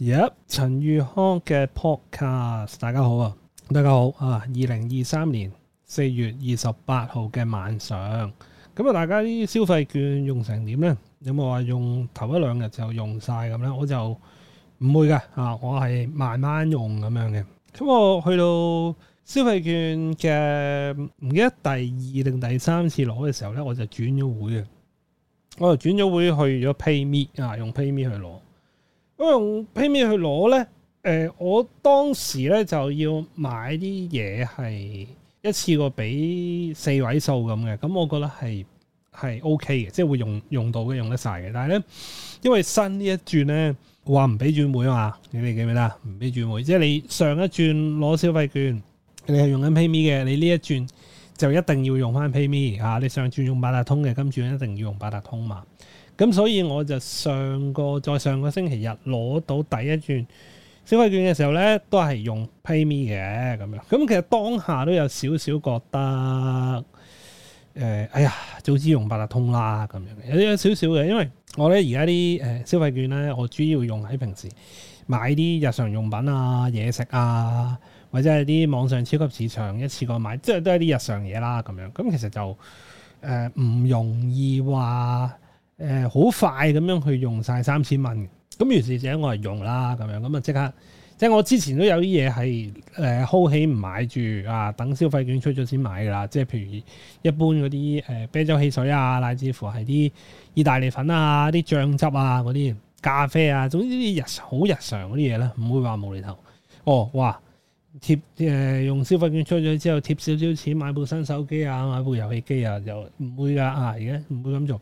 而家陳宇康嘅 podcast，大家好啊，大家好啊！二零二三年四月二十八號嘅晚上，咁啊，大家啲消費券用成點呢？有冇話用頭一兩日就用晒咁呢？我就唔會嘅啊，我係慢慢用咁樣嘅。咁我去到消費券嘅唔記得第二定第三次攞嘅時候呢，我就轉咗會啊，我就轉咗會去咗 PayMe 啊，用 PayMe 去攞。我用 PayMe 去攞咧，誒、呃，我當時咧就要買啲嘢係一次過俾四位數咁嘅，咁我覺得係係 OK 嘅，即係會用用到嘅，用得晒嘅。但係咧，因為新呢一轉咧話唔俾轉會啊，你哋記唔記得？唔俾轉會，即係你上一轉攞消費券，你係用緊 PayMe 嘅，你呢一轉就一定要用翻 PayMe 吓、啊，你上一轉用八達通嘅，今轉一,一定要用八達通嘛。咁所以我就上個再上個星期日攞到第一轉消費券嘅時候呢，都係用 PayMe 嘅咁樣。咁其實當下都有少少覺得，誒、呃，哎呀，早知用八達通啦咁樣。有啲有少少嘅，因為我呢而家啲誒消費券呢，我主要用喺平時買啲日常用品啊、嘢食啊，或者係啲網上超級市場一次過買，即係都係啲日常嘢啦咁樣。咁其實就誒唔容易話。呃、好快咁樣去用晒三千蚊，咁於是者我係用啦，咁樣咁啊即刻，即係我之前都有啲嘢係好儲起唔買住啊，等消費券出咗先買噶啦。即係譬如一般嗰啲，呃、啤酒汽水啊，乃至乎係啲意大利粉啊、啲醬汁啊、嗰啲咖啡啊，總之啲日好日常嗰啲嘢呢，唔會話無厘頭。哦，哇！貼，呃、用消費券出咗之後貼少少錢買部新手機啊，買部遊戲機啊，又唔會㗎啊，而家唔會咁做。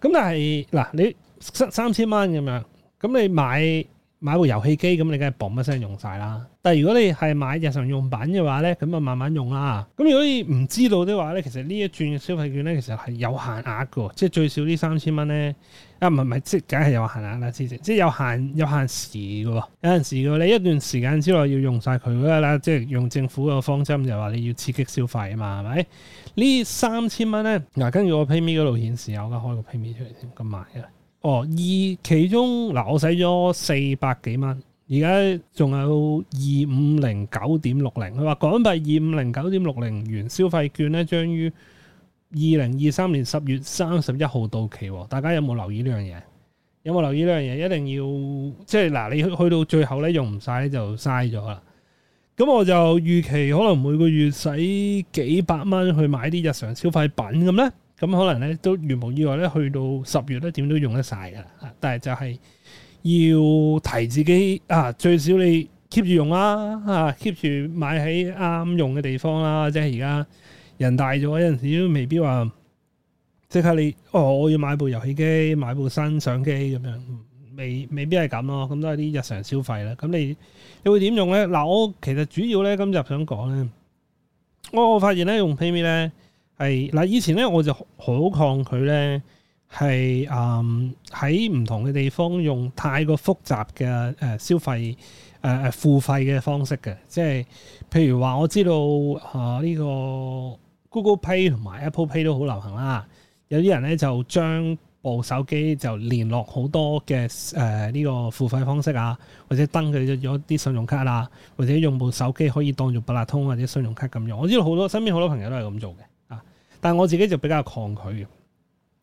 咁但係嗱，你三千蚊咁樣，咁你買買部遊戲機，咁你梗係嘣一聲用晒啦。但如果你係買日常用品嘅話咧，咁啊慢慢用啦。咁如果你唔知道的話咧，其實呢一轉嘅消費券咧，其實係有限額嘅，即係最少這 3, 元呢三千蚊咧。啊，唔係唔係，即係梗係有限額啦，即係，即係有限有限時嘅，有陣時嘅咧你一段時間之內要用晒佢嘅啦。即係用政府嘅方針就話你要刺激消費啊嘛，係咪？這 3, 元呢三千蚊咧，嗱、啊，跟住我 PayMe 嗰度顯示有我開個 PayMe 出嚟先咁買啊。哦，而其中嗱、啊，我使咗四百幾蚊。而家仲有二五零九點六零，佢話港幣二五零九點六零元消費券咧，將於二零二三年十月三十一號到期。大家有冇留意呢樣嘢？有冇留意呢樣嘢？一定要即係嗱，你去到最後咧用唔晒就嘥咗啦。咁我就預期可能每個月使幾百蚊去買啲日常消費品咁呢。咁可能呢都如無意外呢去到十月咧點都用得晒㗎啦。但係就係。要提自己啊，最少你 keep 住用啦，啊 keep 住買喺啱用嘅地方啦，即係而家人大咗有陣時都未必話即刻你，哦我要買部遊戲機，買部新相機咁樣，未未必係咁咯，咁都係啲日常消費啦。咁你你會點用咧？嗱、啊，我其實主要咧，今集想講咧，我發現咧用 PayMe 咧係嗱、啊，以前咧我就好抗拒咧。係，誒喺唔同嘅地方用太過複雜嘅誒、呃、消費誒誒、呃、付費嘅方式嘅，即係譬如話我知道啊呢、呃，呢個 Google Pay 同埋 Apple Pay 都好流行啦。有啲人咧就將部手機就聯絡好多嘅誒呢個付費方式啊，或者登記咗啲信用卡啦、啊，或者用部手機可以當做八達通或者信用卡咁用。我知道好多身邊好多朋友都係咁做嘅啊，但係我自己就比較抗拒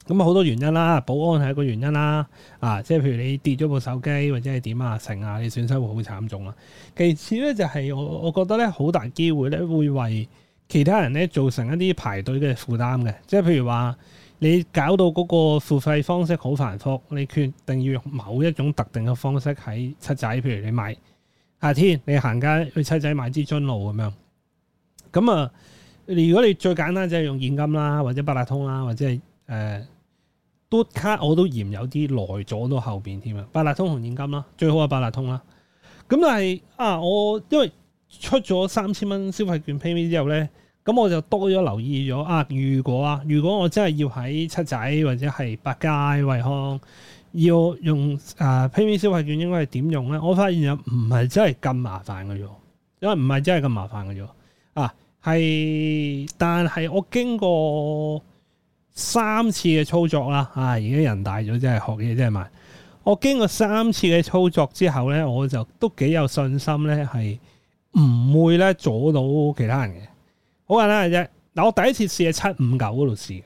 咁好多原因啦，保安係一個原因啦，啊，即係譬如你跌咗部手機或者係點啊成啊，你損失會好慘重啦。其次咧就係我我覺得咧好大機會咧會為其他人咧造成一啲排隊嘅負擔嘅，即係譬如話你搞到嗰個付費方式好繁複，你決定要用某一種特定嘅方式喺七仔，譬如你買夏天你行街去七仔買支樽露咁樣。咁啊，如果你最簡單就係用現金啦，或者八達通啦，或者係、呃嘟卡我都嫌有啲耐咗，到後面添啊！八達通同現金啦，最好係八達通啦。咁但係啊，我因為出咗三千蚊消費券 PayMe 之後咧，咁我就多咗留意咗啊。如果啊，如果我真係要喺七仔或者係百佳惠康要用啊 PayMe 消費券，應該係點用咧？我發現又唔係真係咁麻煩㗎。啫，因為唔係真係咁麻煩嘅啫啊。係，但係我經過三次嘅操作啦，啊！而家人大咗，學真係學嘢真係慢。我經過三次嘅操作之後咧，我就都幾有信心咧，係唔會咧阻到其他人嘅。好簡單啫。嗱，我第一次試喺七五九嗰度試，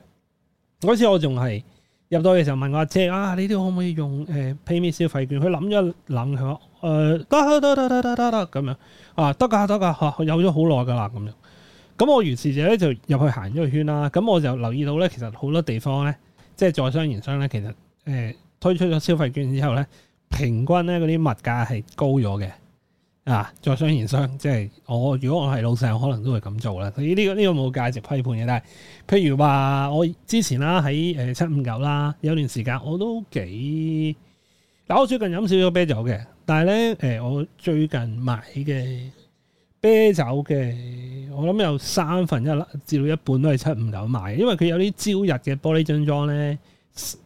嗰次我仲係入到嘅時候問我姐啊，你哋可唔可以用誒 PayMe，呃、消費券？佢諗咗諗佢話，誒、呃、得得得得得得咁樣啊，得噶得噶、啊，有咗好耐噶啦咁樣。咁我如是者咧就入去行咗圈啦，咁我就留意到咧，其實好多地方咧，即係在商言商咧，其實、呃、推出咗消費券之後咧，平均咧嗰啲物價係高咗嘅啊！在商言商，即、就、係、是、我如果我係老細，我可能都會咁做啦。所以呢、呢個呢、呢個冇價值批判嘅，但係譬如話我之前啦喺誒七五九啦，呃、9，有段時間我都幾嗱我最近飲少咗啤酒嘅，但係咧、呃、我最近買嘅啤酒嘅。我諗有三分一粒，至到一半都係七五九買嘅，因為佢有啲朝日嘅玻璃樽裝咧，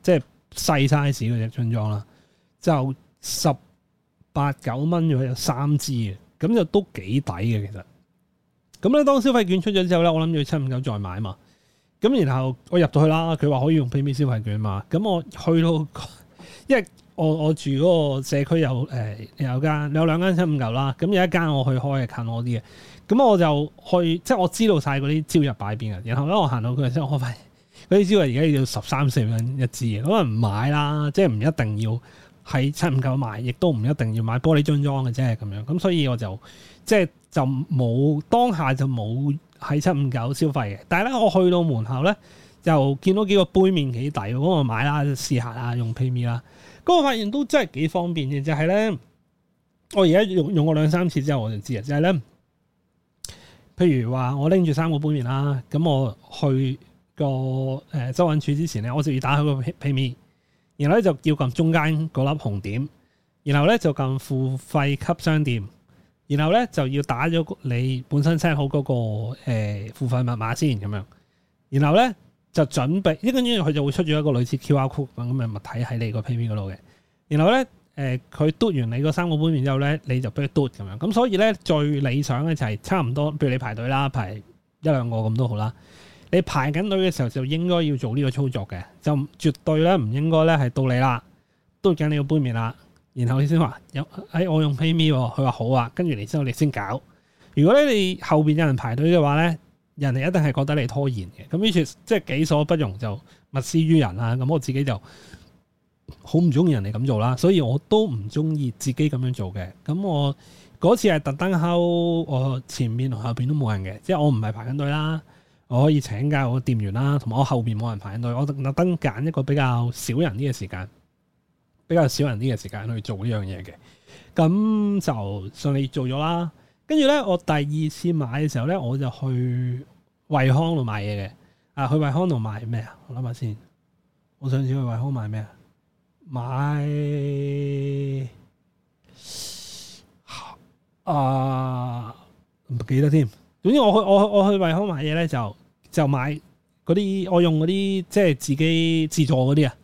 即係細 size 嗰隻樽裝啦，就十八九蚊左右三支嘅，咁就都幾抵嘅其實。咁咧，當消費券出咗之後咧，我諗住七五九再買嘛。咁然後我入到去啦，佢話可以用 PayMe 消費券嘛。咁我去到，因為我我住嗰個社區有誒有間有兩間七五九啦。咁有一間我去開係近我啲嘅。咁我就去，即係我知道曬嗰啲朝日擺邊啊。然後咧，我行到佢嘅時候，我發現嗰啲朝日而家要十三四蚊一支嘅，咁啊，唔買啦，即係唔一定要喺七五九買，亦都唔一定要買玻璃樽裝嘅，即係咁樣。咁所以我就即係就冇、是、當下就冇喺七五九消費嘅。但係咧，我去到門口咧，就見到幾個杯麵幾抵，咁我買啦，試下啦，用 PayMe 啦。咁我發現都真係幾方便嘅，就係、是、咧，我而家用用過兩三次之後我就知啊，就咧、是。譬如話，我拎住三個杯麵啦，咁我去個誒收銀處之前咧，我就要打開個 PayMe，然後咧就要撳中間嗰粒紅點，然後咧就撳付費俾商店，然後咧就要打咗你本身 set 好嗰個付費密碼先咁樣，然後咧就準備，一跟住佢就會出咗一個類似 QR code 咁嘅物體喺你個 PayMe 嗰度嘅，然後咧。誒佢嘟完你個三個杯麵之後咧，你就俾佢嘟。咁樣。咁所以咧，最理想咧就係差唔多，譬如你排隊啦，排一兩個咁都好啦。你排緊隊嘅時候就應該要做呢個操作嘅，就絕對咧唔應該咧係到你啦，嘟緊你個杯麵啦，然後你先話有，哎我用 PayMe 喎，哦，佢話好啊，跟住你之後你先搞。如果咧你後面有人排隊嘅話咧，人哋一定係覺得你拖延嘅。咁於是即係己所不容就勿施於人啦。咁我自己就。好唔中意人哋咁做啦，所以我都唔中意自己咁樣做嘅。咁我嗰次係特登敲，我前面同後邊都冇人嘅，即係我唔係排緊隊啦。我可以請教我店員啦，同埋我後邊冇人排緊隊，我特登揀一個比較少人啲嘅時間，比較少人啲嘅時間去做呢樣嘢嘅。咁就順利做咗啦。跟住咧，我第二次買嘅時候咧，我就去惠康度買嘢嘅。啊，去惠康度買咩啊？我諗下先。我上次去惠康買咩啊？買啊，唔記得添。總之我去我去我去惠康買嘢咧，就就買嗰啲我用嗰啲即係自己自助嗰啲啊，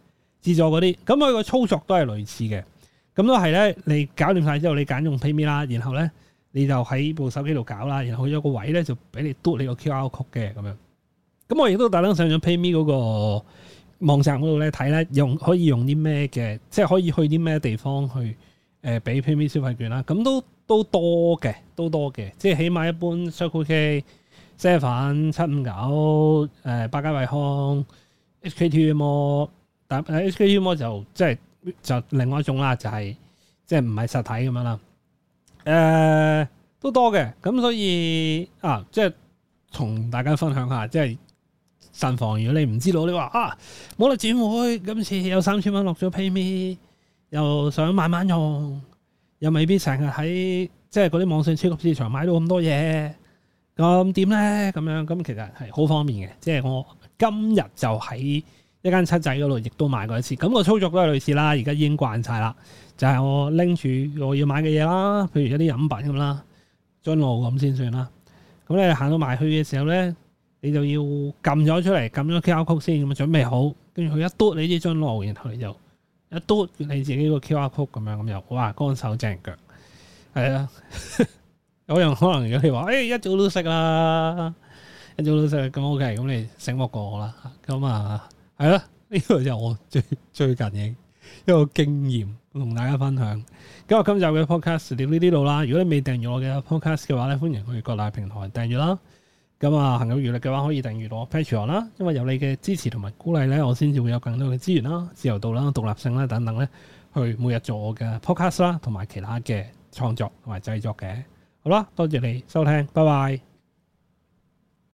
自助嗰啲。咁佢個操作都係類似嘅。咁都係咧，你搞掂晒之後，你揀用 PayMe 啦，然後咧你就喺部手機度搞啦，然後佢有個位咧就俾你嘟你個 QR code 嘅咁樣。咁我亦都大登上咗 PayMe 嗰、那個。網站嗰度咧睇咧，用可以用啲咩嘅，即係可以去啲咩地方去誒俾 PayMe 消費券啦。咁都都多嘅，都多嘅。即係起碼一般 Circle K、呃、Seven、七五九、誒百佳惠康、HKTMO，但係、啊、HKTMO 就即係就另外一種啦，就係即係唔係實體咁樣啦。誒、呃，都多嘅。咁所以啊，即係同大家分享下，即係。慎防！如果你唔知道，你話啊，冇得轉會。今次有三千蚊落咗 PayMe，又想慢慢用，又未必成日喺即係嗰啲網上超級市場買到咁多嘢，咁點咧？咁樣咁其實係好方便嘅，即係我今日就喺一間七仔嗰度亦都買過一次，咁個操作都係類似啦。而家已經慣晒啦，就係、是、我拎住我要買嘅嘢啦，譬如一啲飲品咁啦，將我咁先算啦。咁咧行到埋去嘅時候咧。你就要撳咗出嚟，撳咗 QR code 先，咁準備好，跟住佢一嘟，你呢張囉，然後你就一嘟，你自己個 QR code 咁樣，咁又哇，乾手淨腳，係啊！有人可能如果你話，哎、欸，一早都識啦，一早都識啦咁 OK，咁你醒目過我啦，咁啊，係啦呢個就我最最近嘅一個經驗同大家分享。咁我今日嘅 podcast 就呢啲度啦。如果你未訂閱我嘅 podcast 嘅話咧，歡迎去各大平台訂閱啦。咁啊，行有預力嘅話，可以訂閱我 Patreon 啦，因為有你嘅支持同埋鼓勵咧，我先至會有更多嘅資源啦、自由度啦、獨立性啦等等咧，去每日做我嘅 podcast 啦，同埋其他嘅創作同埋製作嘅。好啦，多謝你收聽，拜拜。